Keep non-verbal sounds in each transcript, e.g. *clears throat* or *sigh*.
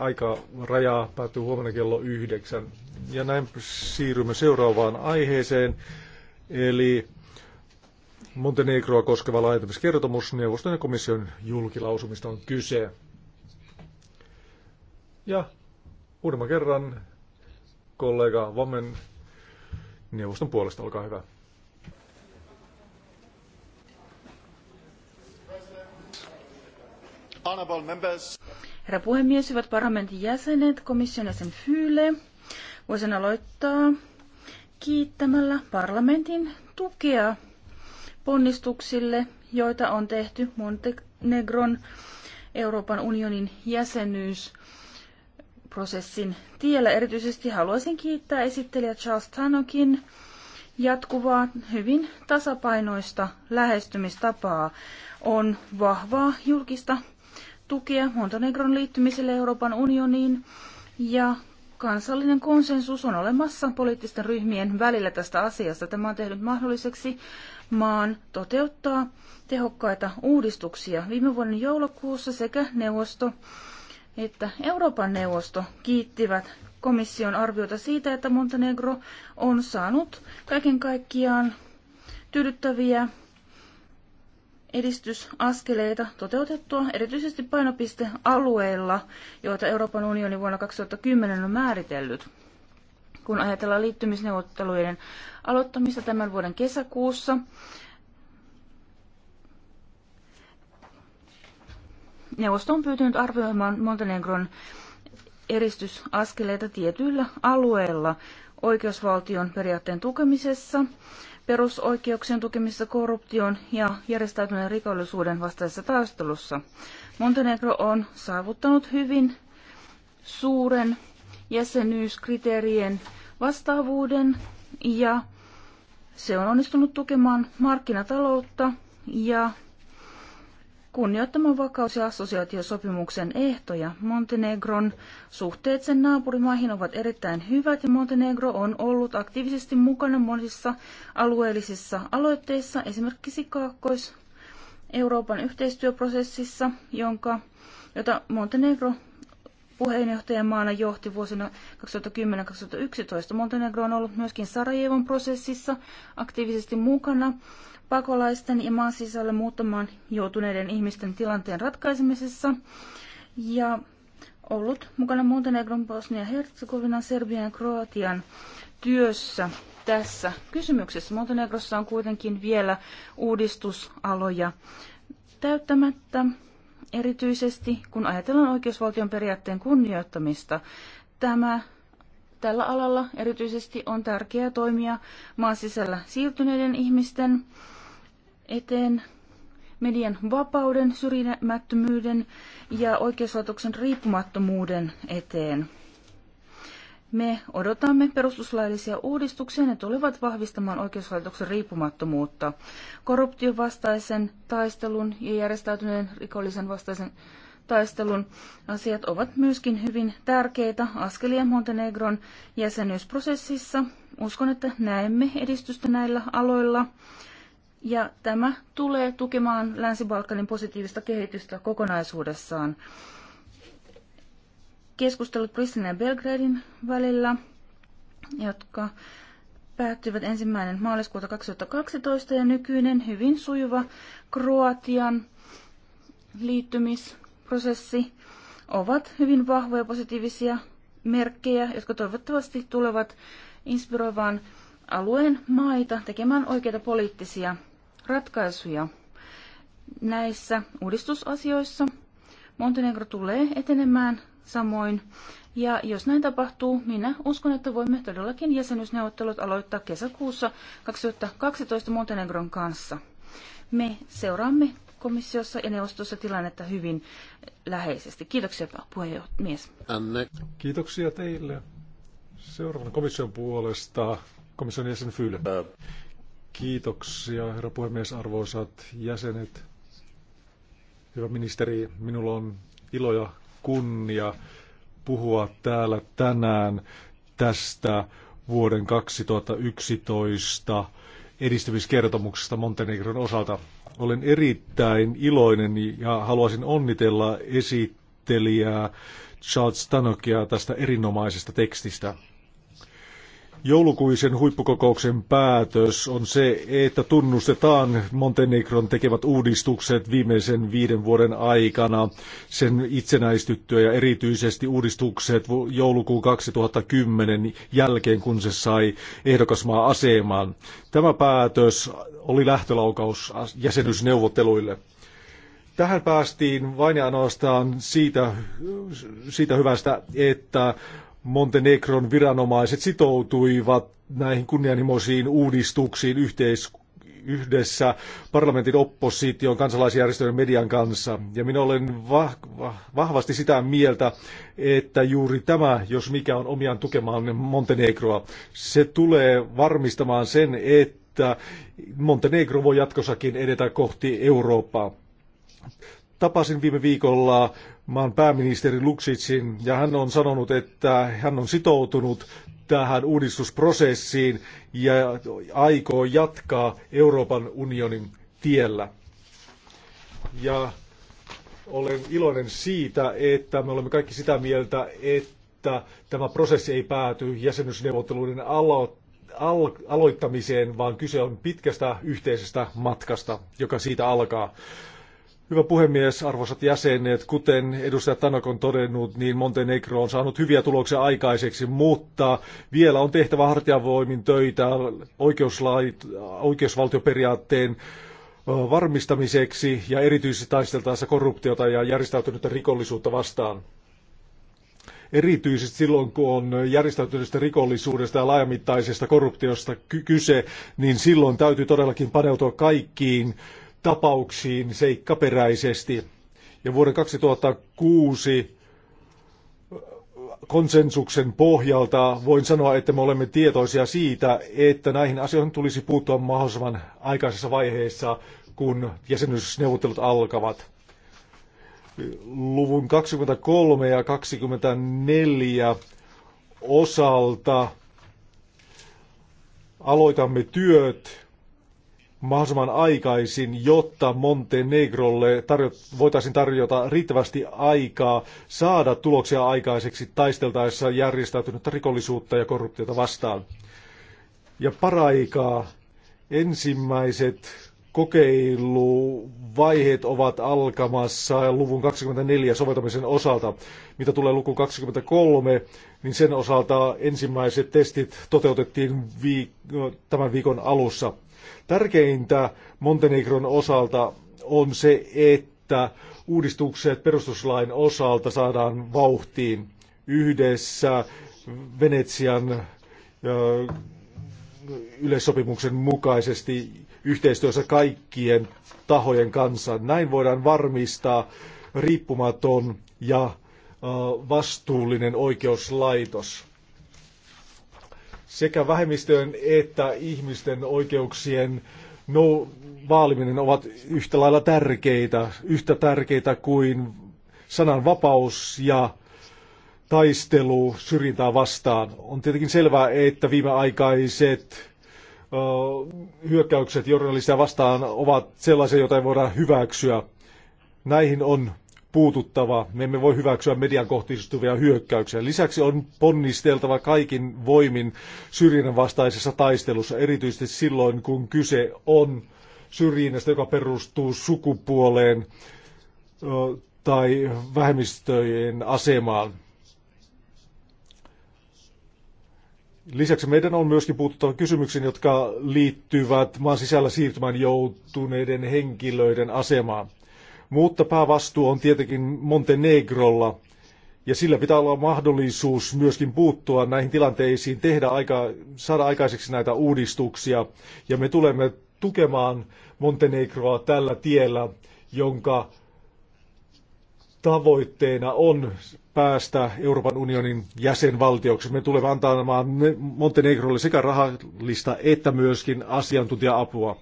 aika rajaa päättyy huomenna kello yhdeksän. Ja näin siirrymme seuraavaan aiheeseen, eli Montenegroa koskeva laajentamiskertomus neuvoston ja komission julkilausumista on kyse. Ja uudemman kerran kollega Vammen neuvoston puolesta, olkaa hyvä. Honorable members. Herra puhemies, hyvät parlamentin jäsenet, komission jäsen Fyyle, voisin aloittaa kiittämällä parlamentin tukea ponnistuksille, joita on tehty Montenegron Euroopan unionin jäsenyysprosessin tiellä. Erityisesti haluaisin kiittää esittelijä Charles Tanokin jatkuvaa hyvin tasapainoista lähestymistapaa. On vahvaa julkista tukea Montenegron liittymiselle Euroopan unioniin ja kansallinen konsensus on olemassa poliittisten ryhmien välillä tästä asiasta. Tämä on tehnyt mahdolliseksi maan toteuttaa tehokkaita uudistuksia. Viime vuoden joulukuussa sekä neuvosto että Euroopan neuvosto kiittivät komission arviota siitä, että Montenegro on saanut kaiken kaikkiaan tyydyttäviä edistysaskeleita toteutettua, erityisesti painopistealueilla, joita Euroopan unioni vuonna 2010 on määritellyt. Kun ajatellaan liittymisneuvotteluiden aloittamista tämän vuoden kesäkuussa, neuvosto on pyytynyt arvioimaan Montenegron eristysaskeleita tietyillä alueilla oikeusvaltion periaatteen tukemisessa, perusoikeuksien tukemisessa korruption ja järjestäytyneen rikollisuuden vastaisessa taistelussa. Montenegro on saavuttanut hyvin suuren jäsenyyskriteerien vastaavuuden ja se on onnistunut tukemaan markkinataloutta ja kunnioittamaan vakaus- ja assosiaatiosopimuksen ehtoja. Montenegron suhteet sen naapurimaihin ovat erittäin hyvät ja Montenegro on ollut aktiivisesti mukana monissa alueellisissa aloitteissa, esimerkiksi Kaakkois- Euroopan yhteistyöprosessissa, jonka, jota Montenegro puheenjohtajamaana johti vuosina 2010-2011. Montenegro on ollut myöskin Sarajevon prosessissa aktiivisesti mukana pakolaisten ja maan sisällä muuttamaan joutuneiden ihmisten tilanteen ratkaisemisessa ja ollut mukana Montenegron, Bosnia, Herzegovina, Serbian ja Kroatian työssä tässä kysymyksessä. Montenegrossa on kuitenkin vielä uudistusaloja täyttämättä, erityisesti kun ajatellaan oikeusvaltion periaatteen kunnioittamista. Tämä tällä alalla erityisesti on tärkeää toimia maan sisällä siirtyneiden ihmisten eteen median vapauden, syrjimättömyyden ja oikeuslaitoksen riippumattomuuden eteen. Me odotamme perustuslaillisia uudistuksia, ne tulevat vahvistamaan oikeuslaitoksen riippumattomuutta. Korruption vastaisen taistelun ja järjestäytyneen rikollisen vastaisen taistelun asiat ovat myöskin hyvin tärkeitä askelia Montenegron jäsenyysprosessissa. Uskon, että näemme edistystä näillä aloilla. Ja tämä tulee tukemaan Länsi-Balkanin positiivista kehitystä kokonaisuudessaan. Keskustelut Pristinan ja Belgradin välillä, jotka päättyivät ensimmäinen maaliskuuta 2012 ja nykyinen hyvin sujuva Kroatian liittymisprosessi ovat hyvin vahvoja positiivisia merkkejä, jotka toivottavasti tulevat inspiroivaan alueen maita tekemään oikeita poliittisia ratkaisuja näissä uudistusasioissa. Montenegro tulee etenemään samoin. Ja jos näin tapahtuu, minä uskon, että voimme todellakin jäsenyysneuvottelut aloittaa kesäkuussa 2012 Montenegron kanssa. Me seuraamme komissiossa ja neuvostossa tilannetta hyvin läheisesti. Kiitoksia puhemies. Anne. Kiitoksia teille. Seuraavan komission puolesta komission jäsen Fyyle. Kiitoksia, herra puhemies, arvoisat jäsenet. Hyvä ministeri, minulla on ilo ja kunnia puhua täällä tänään tästä vuoden 2011 edistymiskertomuksesta Montenegron osalta. Olen erittäin iloinen ja haluaisin onnitella esittelijää Charles Stanokia tästä erinomaisesta tekstistä. Joulukuisen huippukokouksen päätös on se, että tunnustetaan Montenegron tekevät uudistukset viimeisen viiden vuoden aikana sen itsenäistyttyä ja erityisesti uudistukset joulukuun 2010 jälkeen, kun se sai ehdokasmaa asemaan. Tämä päätös oli lähtölaukaus jäsenyysneuvotteluille. Tähän päästiin vain ja ainoastaan siitä, siitä hyvästä, että Montenegron viranomaiset sitoutuivat näihin kunnianhimoisiin uudistuksiin yhteis- yhdessä parlamentin opposition, kansalaisjärjestöjen median kanssa. Ja minä olen vahvasti sitä mieltä, että juuri tämä, jos mikä on omiaan tukemaan Montenegroa, se tulee varmistamaan sen, että Montenegro voi jatkossakin edetä kohti Eurooppaa. Tapasin viime viikolla maan pääministeri Luksitsin, ja hän on sanonut, että hän on sitoutunut tähän uudistusprosessiin ja aikoo jatkaa Euroopan unionin tiellä. Ja olen iloinen siitä, että me olemme kaikki sitä mieltä, että tämä prosessi ei pääty jäsenyysneuvotteluiden alo- al- aloittamiseen, vaan kyse on pitkästä yhteisestä matkasta, joka siitä alkaa. Hyvä puhemies, arvoisat jäsenet, kuten edustaja Tanok on todennut, niin Montenegro on saanut hyviä tuloksia aikaiseksi, mutta vielä on tehtävä hartiavoimin töitä oikeusvaltioperiaatteen varmistamiseksi ja erityisesti taisteltaessa korruptiota ja järjestäytynyttä rikollisuutta vastaan. Erityisesti silloin, kun on järjestäytyneestä rikollisuudesta ja laajamittaisesta korruptiosta kyse, niin silloin täytyy todellakin paneutua kaikkiin tapauksiin seikkaperäisesti. Ja vuoden 2006 konsensuksen pohjalta voin sanoa, että me olemme tietoisia siitä, että näihin asioihin tulisi puuttua mahdollisimman aikaisessa vaiheessa, kun jäsenyysneuvottelut alkavat. Luvun 23 ja 24 osalta aloitamme työt mahdollisimman aikaisin, jotta Montenegrolle tarjo- voitaisiin tarjota riittävästi aikaa saada tuloksia aikaiseksi taisteltaessa järjestäytynyttä rikollisuutta ja korruptiota vastaan. Ja paraikaa ensimmäiset kokeiluvaiheet ovat alkamassa luvun 24 soveltamisen osalta. Mitä tulee lukuun 23, niin sen osalta ensimmäiset testit toteutettiin viik tämän viikon alussa. Tärkeintä Montenegron osalta on se, että uudistukset perustuslain osalta saadaan vauhtiin yhdessä Venetsian yleissopimuksen mukaisesti yhteistyössä kaikkien tahojen kanssa. Näin voidaan varmistaa riippumaton ja vastuullinen oikeuslaitos sekä vähemmistöjen että ihmisten oikeuksien no, vaaliminen ovat yhtä lailla tärkeitä, yhtä tärkeitä kuin sananvapaus ja taistelu syrjintää vastaan. On tietenkin selvää, että viimeaikaiset ö, hyökkäykset journalistia vastaan ovat sellaisia, joita ei voida hyväksyä. Näihin on puututtava. Me emme voi hyväksyä median kohtistuvia hyökkäyksiä. Lisäksi on ponnisteltava kaikin voimin syrjinnän vastaisessa taistelussa, erityisesti silloin kun kyse on syrjinnästä, joka perustuu sukupuoleen tai vähemmistöjen asemaan. Lisäksi meidän on myöskin puututtava kysymyksiin, jotka liittyvät maan sisällä siirtymään joutuneiden henkilöiden asemaan. Mutta päävastuu on tietenkin Montenegrolla. Ja sillä pitää olla mahdollisuus myöskin puuttua näihin tilanteisiin, tehdä aika, saada aikaiseksi näitä uudistuksia. Ja me tulemme tukemaan Montenegroa tällä tiellä, jonka tavoitteena on päästä Euroopan unionin jäsenvaltioksi. Me tulemme antamaan Montenegrolle sekä rahallista että myöskin asiantuntija-apua.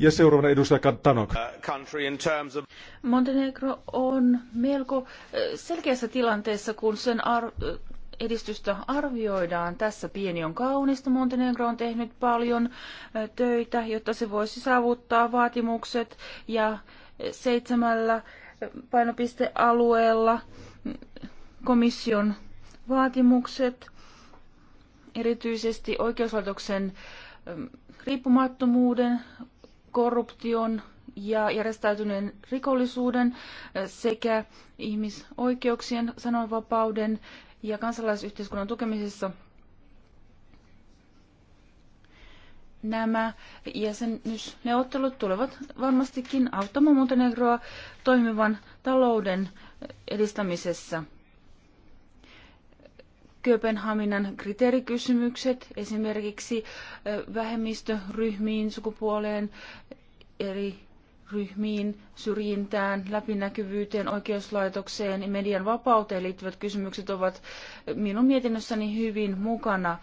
Ja seuraavana edustaja Tanok. Uh, Montenegro on melko uh, selkeässä tilanteessa, kun sen ar- uh, edistystä arvioidaan. Tässä pieni on kaunista. Montenegro on tehnyt paljon töitä, jotta se voisi saavuttaa vaatimukset ja seitsemällä painopistealueella komission vaatimukset, erityisesti oikeuslaitoksen um, riippumattomuuden korruption ja järjestäytyneen rikollisuuden eh, sekä ihmisoikeuksien, sananvapauden ja kansalaisyhteiskunnan tukemisessa nämä jäsenyysneuvottelut tulevat varmastikin auttamaan Montenegroa toimivan talouden eh, edistämisessä. Kööpenhaminan kriteerikysymykset, esimerkiksi vähemmistöryhmiin, sukupuoleen, eri ryhmiin, syrjintään, läpinäkyvyyteen, oikeuslaitokseen ja median vapauteen liittyvät kysymykset ovat minun mietinnössäni hyvin mukana.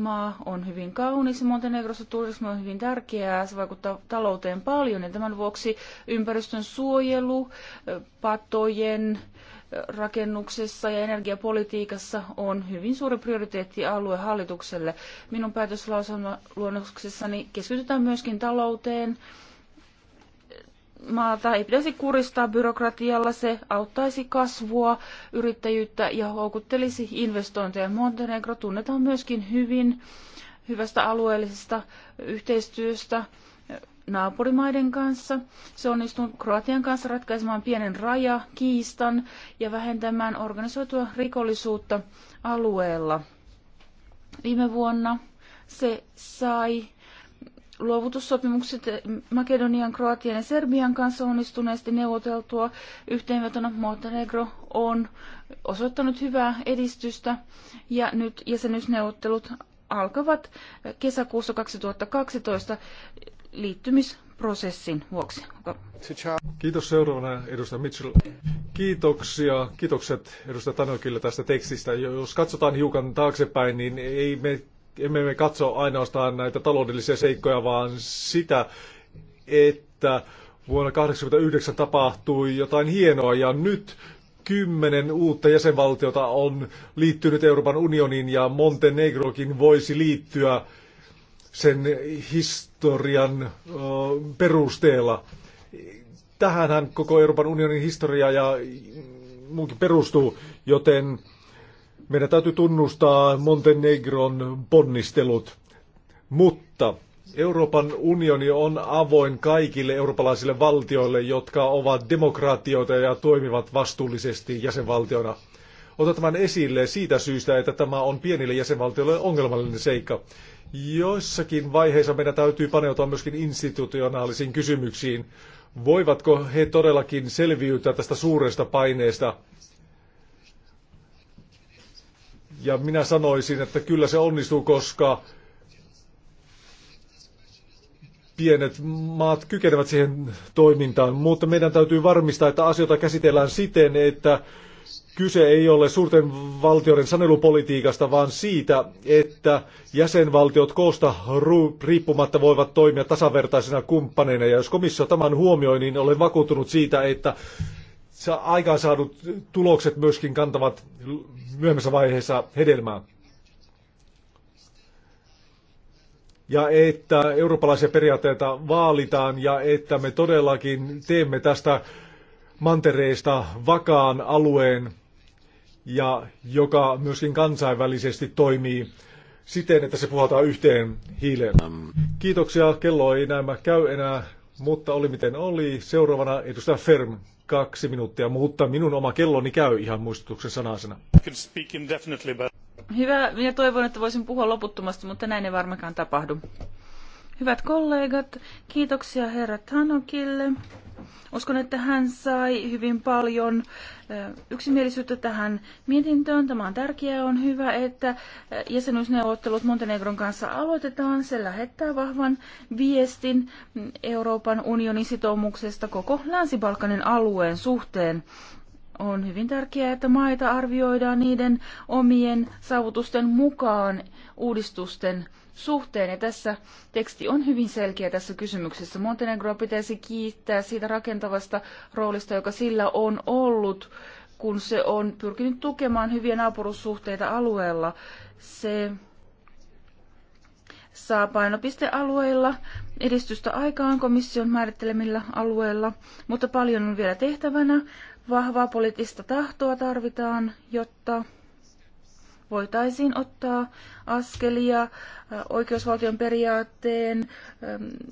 Maa on hyvin kaunis, Montenegrossa turismi on hyvin tärkeää, se vaikuttaa talouteen paljon ja tämän vuoksi ympäristön suojelu, patojen, rakennuksessa ja energiapolitiikassa on hyvin suuri prioriteetti aluehallitukselle. Minun päätöslauselmaluonnoksessani keskitytään myöskin talouteen. Maata ei pitäisi kuristaa byrokratialla, se auttaisi kasvua, yrittäjyyttä ja houkuttelisi investointeja. Montenegro tunnetaan myöskin hyvin hyvästä alueellisesta yhteistyöstä naapurimaiden kanssa. Se onnistunut Kroatian kanssa ratkaisemaan pienen rajakiistan ja vähentämään organisoitua rikollisuutta alueella. Viime vuonna se sai luovutussopimukset Makedonian, Kroatian ja Serbian kanssa onnistuneesti neuvoteltua. Yhteenvetona Montenegro on osoittanut hyvää edistystä ja nyt jäsenyysneuvottelut alkavat kesäkuussa 2012 liittymisprosessin vuoksi. Kiitos seuraavana edustaja Mitchell. Kiitoksia. Kiitokset edustaja Tanokille tästä tekstistä. Jos katsotaan hiukan taaksepäin, niin ei me, emme me katso ainoastaan näitä taloudellisia seikkoja, vaan sitä, että vuonna 1989 tapahtui jotain hienoa ja nyt kymmenen uutta jäsenvaltiota on liittynyt Euroopan unioniin ja Montenegrokin voisi liittyä sen historian perusteella. Tähänhän koko Euroopan unionin historia ja muukin perustuu, joten meidän täytyy tunnustaa Montenegron ponnistelut. Mutta Euroopan unioni on avoin kaikille eurooppalaisille valtioille, jotka ovat demokraatioita ja toimivat vastuullisesti jäsenvaltiona. Otan tämän esille siitä syystä, että tämä on pienille jäsenvaltioille ongelmallinen seikka. Joissakin vaiheissa meidän täytyy paneutua myöskin institutionaalisiin kysymyksiin. Voivatko he todellakin selviytyä tästä suuresta paineesta? Ja minä sanoisin, että kyllä se onnistuu, koska pienet maat kykenevät siihen toimintaan, mutta meidän täytyy varmistaa, että asioita käsitellään siten, että kyse ei ole suurten valtioiden sanelupolitiikasta, vaan siitä, että jäsenvaltiot koosta riippumatta voivat toimia tasavertaisina kumppaneina. Ja jos komissio tämän huomioi, niin olen vakuuttunut siitä, että aikaansaadut tulokset myöskin kantavat myöhemmässä vaiheessa hedelmää. ja että eurooppalaisia periaatteita vaalitaan ja että me todellakin teemme tästä mantereesta vakaan alueen ja joka myöskin kansainvälisesti toimii siten, että se puhaltaa yhteen hiileen. Kiitoksia, kello ei näemmä käy enää, mutta oli miten oli. Seuraavana edustaja Ferm, kaksi minuuttia, mutta minun oma kelloni käy ihan muistutuksen sanasena. Hyvä, minä toivon, että voisin puhua loputtomasti, mutta näin ei varmaankaan tapahdu. Hyvät kollegat, kiitoksia herra Tanokille. Uskon, että hän sai hyvin paljon yksimielisyyttä tähän mietintöön. Tämä on tärkeää. On hyvä, että jäsenyysneuvottelut Montenegron kanssa aloitetaan. Se lähettää vahvan viestin Euroopan unionin sitoumuksesta koko Länsi-Balkanin alueen suhteen. On hyvin tärkeää, että maita arvioidaan niiden omien saavutusten mukaan uudistusten suhteen. Ja tässä teksti on hyvin selkeä tässä kysymyksessä. Montenegroa pitäisi kiittää siitä rakentavasta roolista, joka sillä on ollut, kun se on pyrkinyt tukemaan hyviä naapurussuhteita alueella. Se saa painopistealueilla edistystä aikaan komission määrittelemillä alueilla, mutta paljon on vielä tehtävänä. Vahvaa poliittista tahtoa tarvitaan, jotta voitaisiin ottaa askelia oikeusvaltion periaatteen,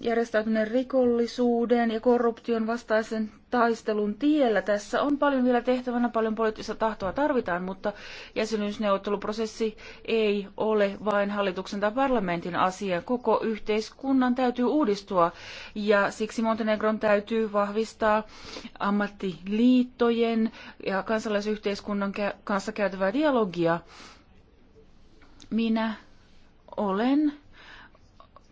järjestäytyneen rikollisuuden ja korruption vastaisen taistelun tiellä. Tässä on paljon vielä tehtävänä, paljon poliittista tahtoa tarvitaan, mutta jäsenyysneuvotteluprosessi ei ole vain hallituksen tai parlamentin asia. Koko yhteiskunnan täytyy uudistua ja siksi Montenegron täytyy vahvistaa ammattiliittojen ja kansalaisyhteiskunnan kanssa käytävää dialogia minä olen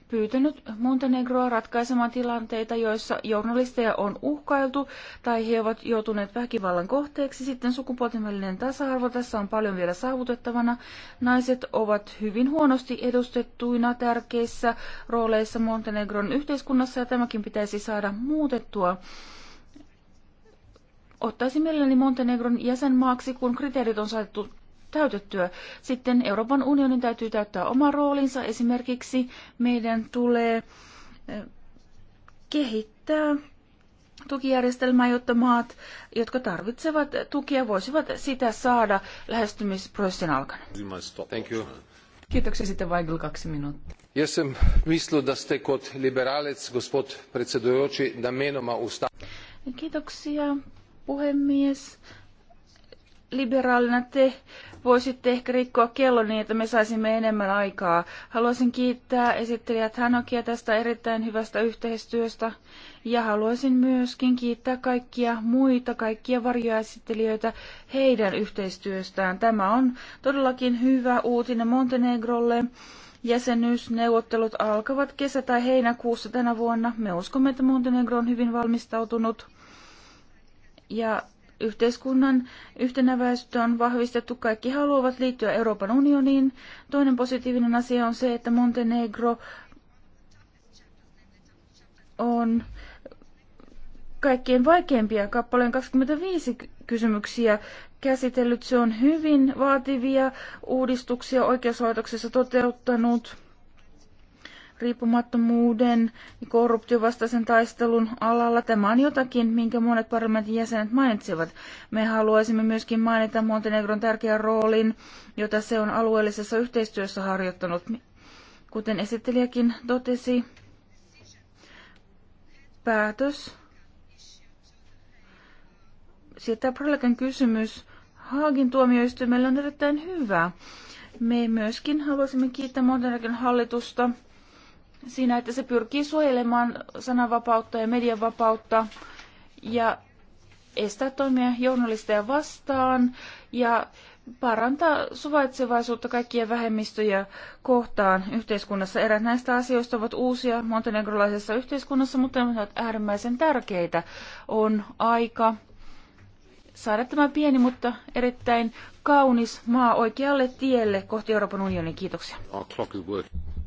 pyytänyt Montenegroa ratkaisemaan tilanteita, joissa journalisteja on uhkailtu tai he ovat joutuneet väkivallan kohteeksi. Sitten sukupuolten välinen tasa-arvo, tässä on paljon vielä saavutettavana. Naiset ovat hyvin huonosti edustettuina tärkeissä rooleissa Montenegron yhteiskunnassa ja tämäkin pitäisi saada muutettua. Ottaisin mielelläni Montenegron jäsenmaaksi, kun kriteerit on saatettu täytettyä. Sitten Euroopan unionin täytyy täyttää oma roolinsa. Esimerkiksi meidän tulee eh, kehittää tukijärjestelmää, jotta maat, jotka tarvitsevat tukea, voisivat sitä saada lähestymisprosessin alkana. Thank you. Kiitoksia sitten Weigl kaksi minuuttia. Jaz mislu, da ste kot liberalec, gospod predsedujoči, menoma usta. Kiitoksia, puhemies liberaalina te voisitte ehkä rikkoa kello niin, että me saisimme enemmän aikaa. Haluaisin kiittää esittelijät Hanokia tästä erittäin hyvästä yhteistyöstä ja haluaisin myöskin kiittää kaikkia muita, kaikkia varjoesittelijöitä heidän yhteistyöstään. Tämä on todellakin hyvä uutinen Montenegrolle. Jäsenyysneuvottelut alkavat kesä- tai heinäkuussa tänä vuonna. Me uskomme, että Montenegro on hyvin valmistautunut ja Yhteiskunnan yhtenäväisyyttä on vahvistettu. Kaikki haluavat liittyä Euroopan unioniin. Toinen positiivinen asia on se, että Montenegro on kaikkien vaikeimpia kappaleen 25 kysymyksiä käsitellyt. Se on hyvin vaativia uudistuksia oikeuslaitoksessa toteuttanut riippumattomuuden ja korruptiovastaisen taistelun alalla. Tämä on jotakin, minkä monet parlamentin jäsenet mainitsivat. Me haluaisimme myöskin mainita Montenegron tärkeän roolin, jota se on alueellisessa yhteistyössä harjoittanut. Kuten esittelijäkin totesi, päätös Sitten Prelekan kysymys Haagin tuomioistuimelle on erittäin hyvä. Me myöskin haluaisimme kiittää Montenegron hallitusta siinä, että se pyrkii suojelemaan sananvapautta ja medianvapautta ja estää toimia journalisteja vastaan ja parantaa suvaitsevaisuutta kaikkia vähemmistöjä kohtaan yhteiskunnassa. Erät näistä asioista ovat uusia montenegrolaisessa yhteiskunnassa, mutta ne ovat äärimmäisen tärkeitä. On aika saada tämä pieni, mutta erittäin kaunis maa oikealle tielle kohti Euroopan unionin. Kiitoksia.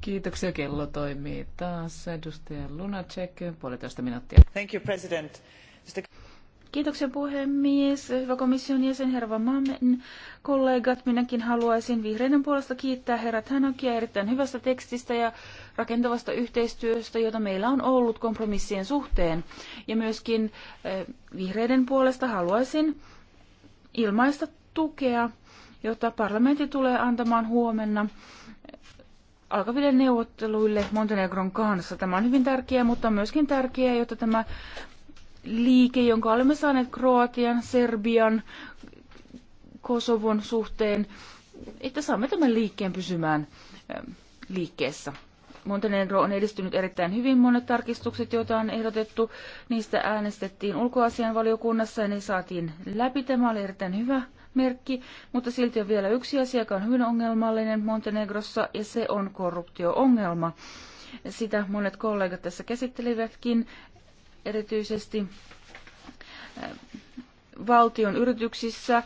Kiitoksia, kello toimii taas. Edustaja Lunacek, puolitoista minuuttia. Thank you, President. Kiitoksia puhemies, hyvä komission jäsen, herra Mammen kollegat. Minäkin haluaisin vihreiden puolesta kiittää herra Tanakia erittäin hyvästä tekstistä ja rakentavasta yhteistyöstä, jota meillä on ollut kompromissien suhteen. Ja myöskin eh, vihreiden puolesta haluaisin ilmaista tukea, jota parlamentti tulee antamaan huomenna alkaville neuvotteluille Montenegron kanssa. Tämä on hyvin tärkeää, mutta on myöskin tärkeää, jotta tämä liike, jonka olemme saaneet Kroatian, Serbian, Kosovon suhteen, että saamme tämän liikkeen pysymään ähm, liikkeessä. Montenegro on edistynyt erittäin hyvin. Monet tarkistukset, joita on ehdotettu, niistä äänestettiin ulkoasian valiokunnassa ja ne saatiin läpi. Tämä oli erittäin hyvä merkki, mutta silti on vielä yksi asia, joka on hyvin ongelmallinen Montenegrossa, ja se on korruptioongelma. Sitä monet kollegat tässä käsittelivätkin, erityisesti valtion yrityksissä,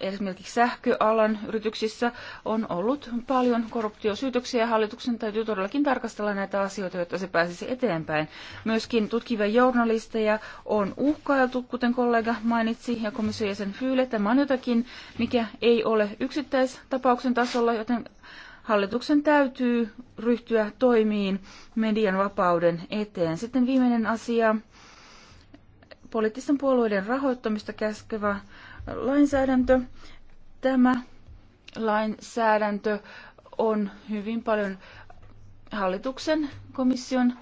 esimerkiksi sähköalan yrityksissä, on ollut paljon korruptiosyytöksiä. Hallituksen täytyy todellakin tarkastella näitä asioita, jotta se pääsisi eteenpäin. Myöskin tutkivia journalisteja on uhkailtu, kuten kollega mainitsi, ja komission jäsen Fyyle. Tämä on jotakin, mikä ei ole yksittäistapauksen tasolla, joten hallituksen täytyy ryhtyä toimiin median vapauden eteen. Sitten viimeinen asia, poliittisten puolueiden rahoittamista käskevä lainsäädäntö. Tämä lainsäädäntö on hyvin paljon hallituksen, komission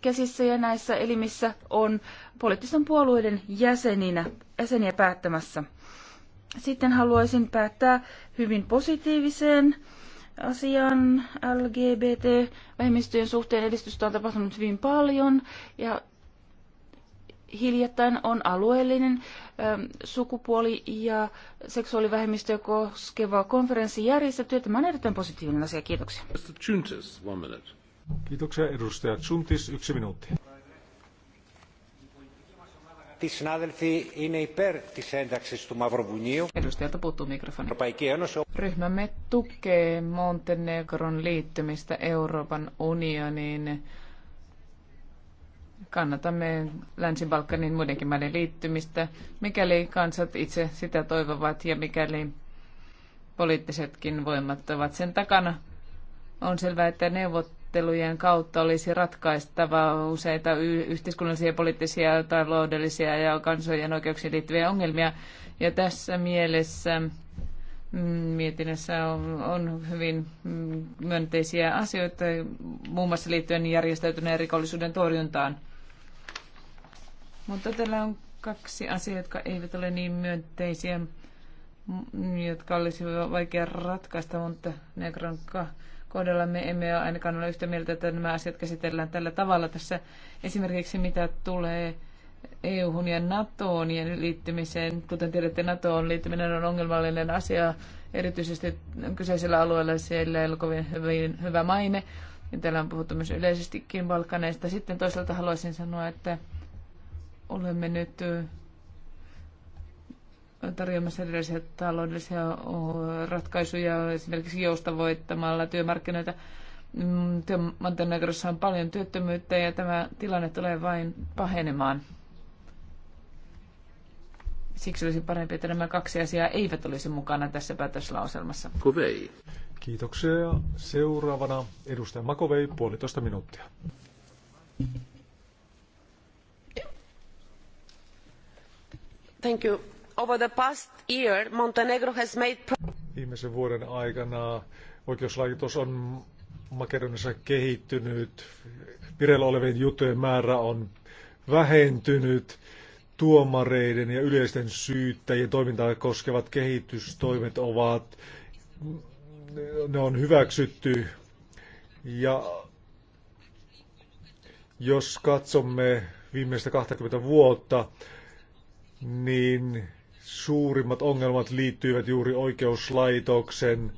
käsissä ja näissä elimissä on poliittisten puolueiden jäseninä, jäseniä päättämässä. Sitten haluaisin päättää hyvin positiiviseen asian LGBT-vähemmistöjen suhteen edistystä on tapahtunut hyvin paljon ja hiljattain on alueellinen ähm, sukupuoli- ja seksuaalivähemmistöä koskeva konferenssi järjestetty. Tämä on erittäin positiivinen asia. Kiitoksia. Kiitoksia edustaja Tsuntis. Yksi minuutti. Edustajalta puuttuu mikrofoni. Ryhmämme tukee Montenegron liittymistä Euroopan unioniin kannatamme Länsi-Balkanin muidenkin maiden liittymistä, mikäli kansat itse sitä toivovat ja mikäli poliittisetkin voimat ovat sen takana. On selvää, että neuvottelujen kautta olisi ratkaistava useita yhteiskunnallisia, poliittisia, taloudellisia ja kansojen oikeuksiin liittyviä ongelmia. Ja tässä mielessä mm, mietinnössä on, on hyvin mm, myönteisiä asioita, muun muassa liittyen järjestäytyneen rikollisuuden torjuntaan. Mutta tällä on kaksi asiaa, jotka eivät ole niin myönteisiä, mm, jotka olisi vaikea ratkaista, mutta Negron kohdalla me emme ole ainakaan ole yhtä mieltä, että nämä asiat käsitellään tällä tavalla. Tässä esimerkiksi mitä tulee EU-hun ja NATOon ja liittymiseen. Kuten tiedätte, NATOon liittyminen on ongelmallinen asia. Erityisesti kyseisellä alueella siellä ei ole kovin hyvin, hyvä maine. Ja täällä on puhuttu myös yleisestikin Balkaneista. Sitten toisaalta haluaisin sanoa, että olemme nyt tarjoamassa erilaisia taloudellisia ratkaisuja esimerkiksi joustavoittamalla työmarkkinoita. Mm, Montenegrossa on paljon työttömyyttä ja tämä tilanne tulee vain pahenemaan. Siksi olisi parempi, että nämä kaksi asiaa eivät olisi mukana tässä päätöslauselmassa. Kovei. Kiitoksia. Seuraavana edustaja Makovei, puolitoista minuuttia. Viimeisen vuoden aikana oikeuslaitos on Makedonissa kehittynyt, vireillä olevien juttujen määrä on vähentynyt, tuomareiden ja yleisten syyttäjien toimintaa koskevat kehitystoimet ovat, ne on hyväksytty ja jos katsomme viimeistä 20 vuotta, niin suurimmat ongelmat liittyivät juuri oikeuslaitoksen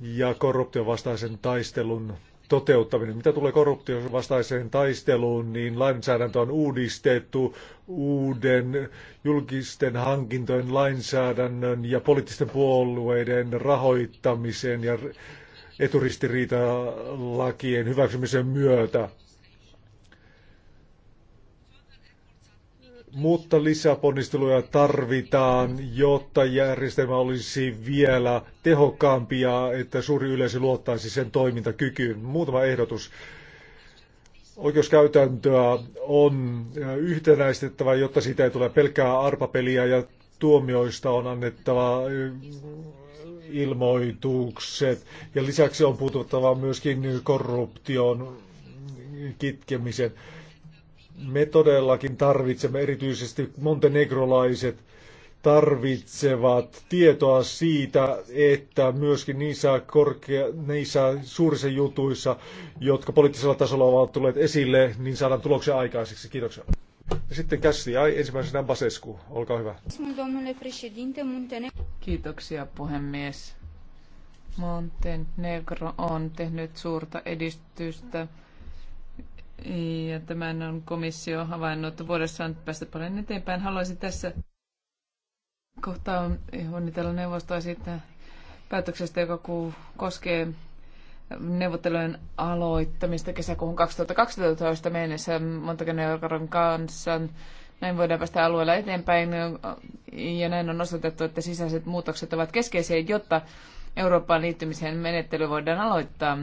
ja korruptiovastaisen taistelun toteuttaminen. Mitä tulee korruptiovastaiseen taisteluun, niin lainsäädäntö on uudistettu uuden julkisten hankintojen lainsäädännön ja poliittisten puolueiden rahoittamisen ja eturistiriitalakien hyväksymisen myötä. mutta lisäponnisteluja tarvitaan, jotta järjestelmä olisi vielä tehokkaampi ja että suuri yleisö luottaisi sen toimintakykyyn. Muutama ehdotus. Oikeuskäytäntöä on yhtenäistettävä, jotta siitä ei tule pelkkää arpapeliä ja tuomioista on annettava eh, ilmoitukset. Ja lisäksi on puututtava myöskin korruption kitkemisen me todellakin tarvitsemme, erityisesti montenegrolaiset tarvitsevat tietoa siitä, että myöskin niissä, korkea, niissä suurissa jutuissa, jotka poliittisella tasolla ovat tulleet esille, niin saadaan tuloksia aikaiseksi. Kiitoksia. Ja sitten Kästi Ai, ensimmäisenä Basescu, olkaa hyvä. Kiitoksia puhemies. Montenegro on tehnyt suurta edistystä ja tämän on komissio havainnut on päästy paljon eteenpäin. Haluaisin tässä kohtaa onnitella neuvostoa siitä päätöksestä, joka koskee neuvottelujen aloittamista kesäkuun 2012 mennessä Montenegron kanssa. Näin voidaan päästä alueella eteenpäin ja näin on osoitettu, että sisäiset muutokset ovat keskeisiä, jotta Euroopan liittymisen menettely voidaan aloittaa.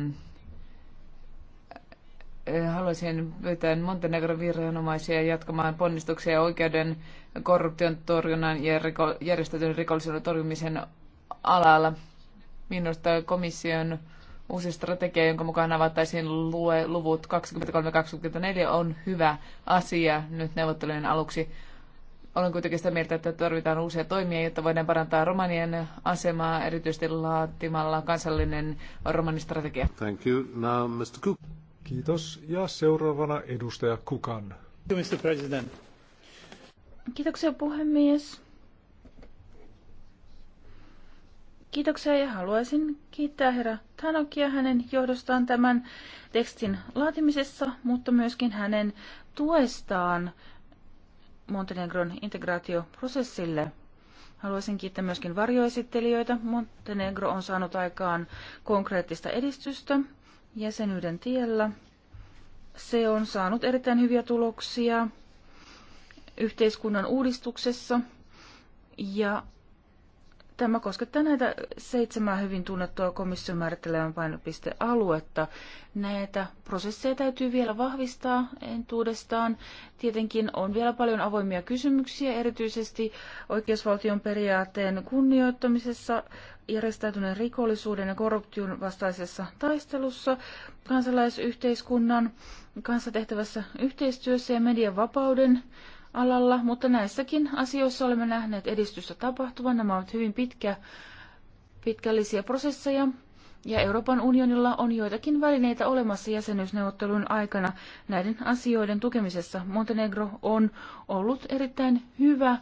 Äh, haluaisin pyytää Montenegron viranomaisia jatkamaan ponnistuksia oikeuden, korruption torjunnan ja riko, järjestetyn rikollisuuden torjumisen alalla. Minusta komission uusi strategia, jonka mukaan avattaisiin lue, luvut 23-24, on hyvä asia nyt neuvottelujen aluksi. Olen kuitenkin sitä mieltä, että tarvitaan uusia toimia, jotta voidaan parantaa romanien asemaa, erityisesti laatimalla kansallinen romanistrategia. Thank you. Now, Mr. Cook. Kiitos. Ja seuraavana edustaja Kukan. Mr. President. Kiitoksia puhemies. Kiitoksia ja haluaisin kiittää herra Tanokia hänen johdostaan tämän tekstin laatimisessa, mutta myöskin hänen tuestaan Montenegron integraatioprosessille. Haluaisin kiittää myöskin varjoesittelijöitä. Montenegro on saanut aikaan konkreettista edistystä jäsenyyden tiellä. Se on saanut erittäin hyviä tuloksia yhteiskunnan uudistuksessa ja Tämä koskettaa näitä seitsemää hyvin tunnettua komission määrittelevän painopistealuetta. Näitä prosesseja täytyy vielä vahvistaa entuudestaan. Tietenkin on vielä paljon avoimia kysymyksiä, erityisesti oikeusvaltion periaatteen kunnioittamisessa, järjestäytyneen rikollisuuden ja korruption vastaisessa taistelussa, kansalaisyhteiskunnan kanssa tehtävässä yhteistyössä ja median vapauden alalla, mutta näissäkin asioissa olemme nähneet edistystä tapahtuvan. Nämä ovat hyvin pitkä, pitkällisiä prosesseja, ja Euroopan unionilla on joitakin välineitä olemassa jäsenyysneuvottelun aikana näiden asioiden tukemisessa. Montenegro on ollut erittäin hyvä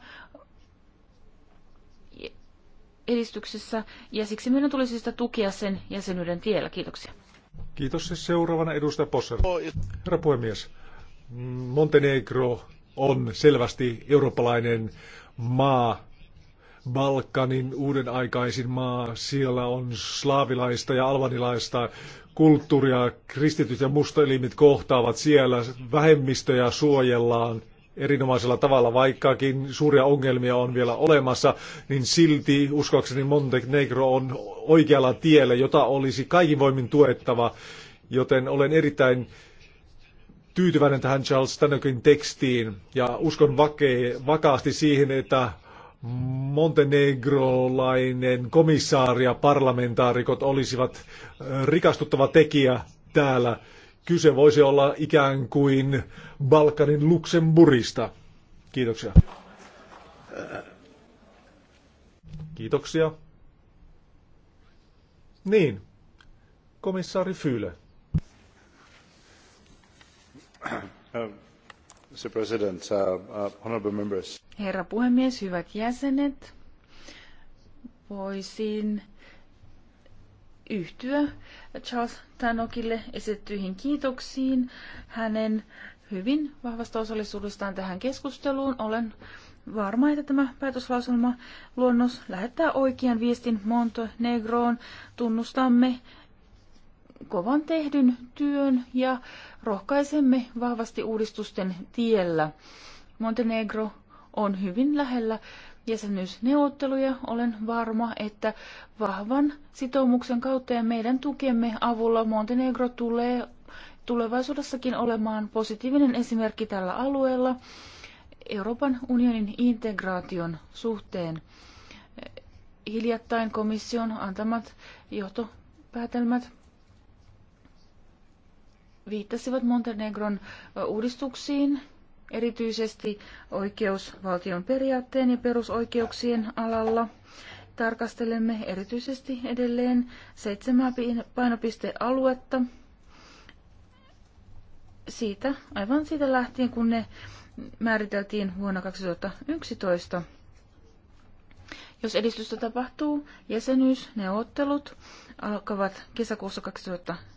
edistyksessä, ja siksi meidän tulisi sitä tukea sen jäsenyyden tiellä. Kiitoksia. Kiitos siis seuraavana edustaja Posser. Herra puhemies, Montenegro on selvästi eurooppalainen maa, Balkanin uuden aikaisin maa. Siellä on slaavilaista ja albanilaista kulttuuria, kristityt ja mustelimit kohtaavat siellä, vähemmistöjä suojellaan erinomaisella tavalla, vaikkakin suuria ongelmia on vielä olemassa, niin silti uskoakseni Montenegro on oikealla tiellä, jota olisi kaikin voimin tuettava, joten olen erittäin tyytyväinen tähän Charles Stanokin tekstiin ja uskon vake, vakaasti siihen, että montenegrolainen komissaari ja parlamentaarikot olisivat rikastuttava tekijä täällä. Kyse voisi olla ikään kuin Balkanin Luxemburista. Kiitoksia. Kiitoksia. Niin, komissaari Fyle. Uh, *clears throat* uh, uh, Herra puhemies, hyvät jäsenet, voisin yhtyä Charles Tanokille esitettyihin kiitoksiin hänen hyvin vahvasta osallisuudestaan tähän keskusteluun. Olen varma, että tämä päätöslauselma luonnos lähettää oikean viestin Montenegroon. Tunnustamme kovan tehdyn työn ja rohkaisemme vahvasti uudistusten tiellä. Montenegro on hyvin lähellä jäsenyysneuvotteluja. Olen varma, että vahvan sitoumuksen kautta ja meidän tukemme avulla Montenegro tulee tulevaisuudessakin olemaan positiivinen esimerkki tällä alueella Euroopan unionin integraation suhteen. Hiljattain komission antamat johtopäätelmät viittasivat Montenegron uudistuksiin, erityisesti oikeusvaltion periaatteen ja perusoikeuksien alalla. Tarkastelemme erityisesti edelleen seitsemää painopistealuetta siitä, aivan siitä lähtien, kun ne määriteltiin vuonna 2011. Jos edistystä tapahtuu, jäsenyysneuvottelut alkavat kesäkuussa 2014.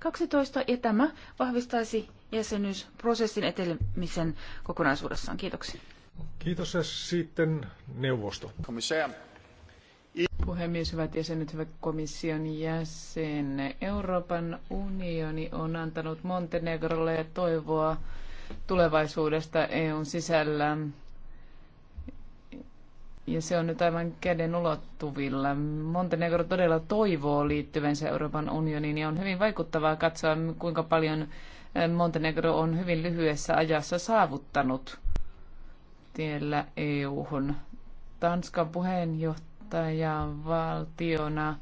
12 ja tämä vahvistaisi jäsenyysprosessin etelemisen kokonaisuudessaan. Kiitoksia. Kiitos ja sitten neuvosto. Komissaari. Puhemies, hyvät jäsenet, hyvät komission jäsen. Euroopan unioni on antanut Montenegrolle toivoa tulevaisuudesta EUn sisällä ja se on nyt aivan käden ulottuvilla. Montenegro todella toivoo liittyvänsä Euroopan unioniin ja on hyvin vaikuttavaa katsoa, kuinka paljon eh, Montenegro on hyvin lyhyessä ajassa saavuttanut tiellä EU-hun. Tanskan puheenjohtajavaltiona valtiona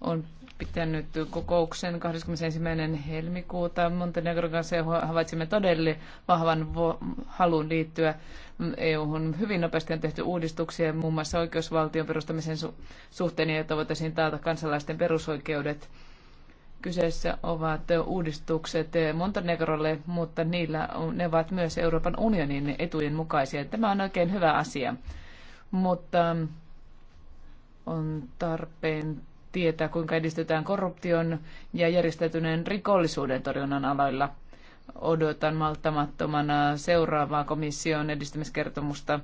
on pitänyt kokouksen 21. helmikuuta Montenegron kanssa ja havaitsimme todelle vahvan halun liittyä EU-hun. Hyvin nopeasti on tehty uudistuksia muun muassa oikeusvaltion perustamisen su- suhteen, jotta voitaisiin taata kansalaisten perusoikeudet. Kyseessä ovat uudistukset Montenegrolle, mutta niillä on, ne ovat myös Euroopan unionin etujen mukaisia. Tämä on oikein hyvä asia, mutta on tarpeen tietää, kuinka edistetään korruption ja järjestäytyneen rikollisuuden torjunnan aloilla. Odotan malttamattomana seuraavaa komission edistämiskertomusta,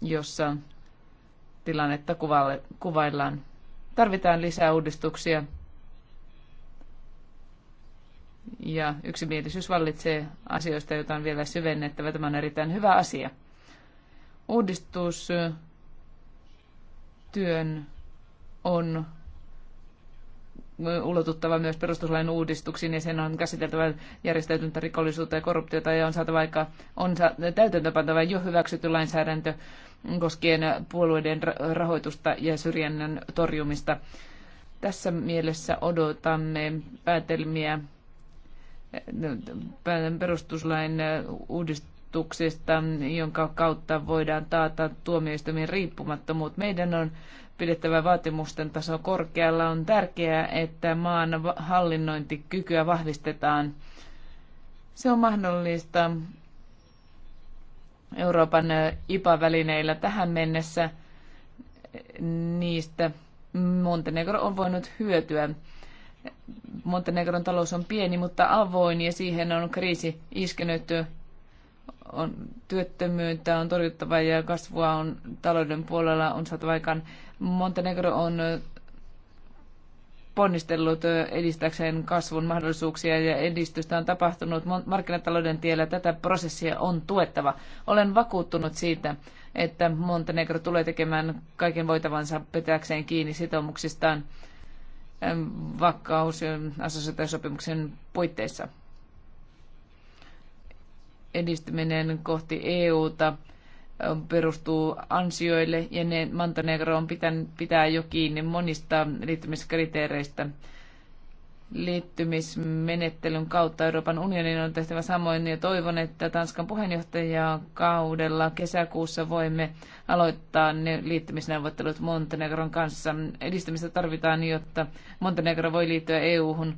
jossa tilannetta kuvaillaan. Tarvitaan lisää uudistuksia ja yksimielisyys vallitsee asioista, joita on vielä syvennettävä. Tämä on erittäin hyvä asia. Uudistus työn on ulotuttava myös perustuslain uudistuksiin ja sen on käsiteltävä järjestäytyntä rikollisuutta ja korruptiota ja on saatava aika, on täytäntöpantava jo hyväksytty lainsäädäntö koskien puolueiden rahoitusta ja syrjännän torjumista. Tässä mielessä odotamme päätelmiä no, perustuslain uudistuksista ehdotuksesta, jonka kautta voidaan taata tuomioistuimien riippumattomuutta. Meidän on pidettävä vaatimusten taso korkealla. On tärkeää, että maan hallinnointikykyä vahvistetaan. Se on mahdollista Euroopan IPA-välineillä tähän mennessä. Niistä Montenegro on voinut hyötyä. Montenegron talous on pieni, mutta avoin ja siihen on kriisi iskenyt on työttömyyttä on torjuttava ja kasvua on talouden puolella on saatu aikaan. Montenegro on ponnistellut edistäkseen kasvun mahdollisuuksia ja edistystä on tapahtunut markkinatalouden tiellä. Tätä prosessia on tuettava. Olen vakuuttunut siitä, että Montenegro tulee tekemään kaiken voitavansa pitääkseen kiinni sitoumuksistaan vakkaus- ja assosiaatiosopimuksen puitteissa edistyminen kohti EUta perustuu ansioille ja ne Montenegro on pitän, pitää jo kiinni monista liittymiskriteereistä. Liittymismenettelyn kautta Euroopan unionin on tehtävä samoin ja toivon, että Tanskan puheenjohtajakaudella kesäkuussa voimme aloittaa ne liittymisneuvottelut Montenegron kanssa. Edistymistä tarvitaan, jotta Montenegro voi liittyä EU-hun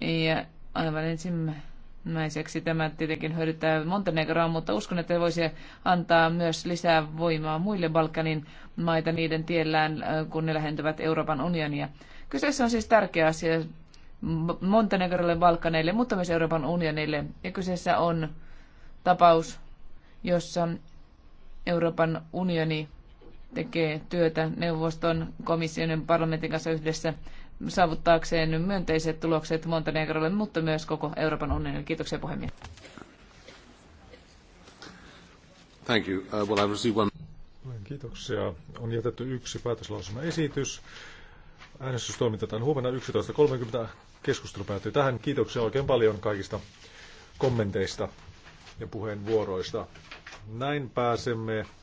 ja aivan ensimmäinen naiseksi. Tämä tietenkin hyödyttää Montenegroa, mutta uskon, että voisi antaa myös lisää voimaa muille Balkanin maita niiden tiellään, äh, kun ne lähentyvät Euroopan unionia. Kyseessä on siis tärkeä asia Montenegrolle, Balkaneille, mutta myös Euroopan unionille. Ja kyseessä on tapaus, jossa Euroopan unioni tekee työtä neuvoston, komission ja parlamentin kanssa yhdessä – saavuttaakseen myönteiset tulokset Montenegrolle, mutta myös koko Euroopan unionille. Kiitoksia puhemies. Thank you. Uh, well, I one... Kiitoksia. On jätetty yksi päätöslausuma esitys. Äänestys toimitetaan huomenna 11.30. Keskustelu päättyy tähän. Kiitoksia oikein paljon kaikista kommenteista ja puheenvuoroista. Näin pääsemme